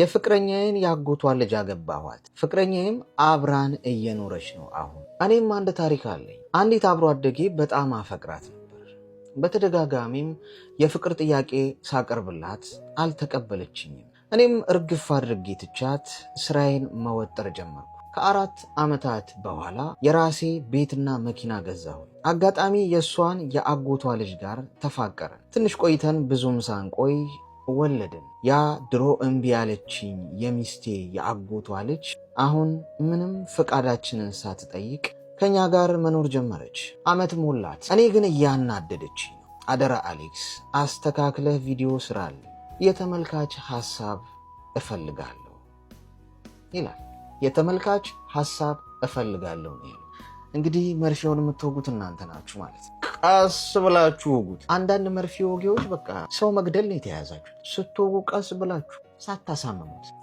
የፍቅረኛዬን ያጎቷን ልጅ አገባኋት። ፍቅረኛዬም አብራን እየኖረች ነው አሁን። እኔም አንድ ታሪክ አለኝ። አንዲት አብሮ አደጌ በጣም አፈቅራት ነበር። በተደጋጋሚም የፍቅር ጥያቄ ሳቀርብላት አልተቀበለችኝም። እኔም እርግፍ አድርጌ ትቻት ስራዬን መወጠር ጀመርኩ። ከአራት ዓመታት በኋላ የራሴ ቤትና መኪና ገዛሁ። አጋጣሚ የእሷን የአጎቷ ልጅ ጋር ተፋቀረን። ትንሽ ቆይተን ብዙም ሳንቆይ ወለድን። ያ ድሮ እምቢ ያለችኝ የሚስቴ የአጎቷ ልጅ አሁን ምንም ፈቃዳችንን ሳትጠይቅ ከእኛ ጋር መኖር ጀመረች። ዓመት ሞላት። እኔ ግን እያናደደች አደራ አሌክስ አስተካክለህ ቪዲዮ ስራል፣ የተመልካች ሐሳብ እፈልጋለሁ ይላል። የተመልካች ሐሳብ እፈልጋለሁ ነው። እንግዲህ መርፌውን የምትወጉት እናንተ ናችሁ ማለት ነው። ቀስ ብላችሁ ውጉት። አንዳንድ መርፌ ወጌዎች በቃ ሰው መግደል ነው የተያያዛችሁ። ስትወጉ ቀስ ብላችሁ ሳታሳምሙት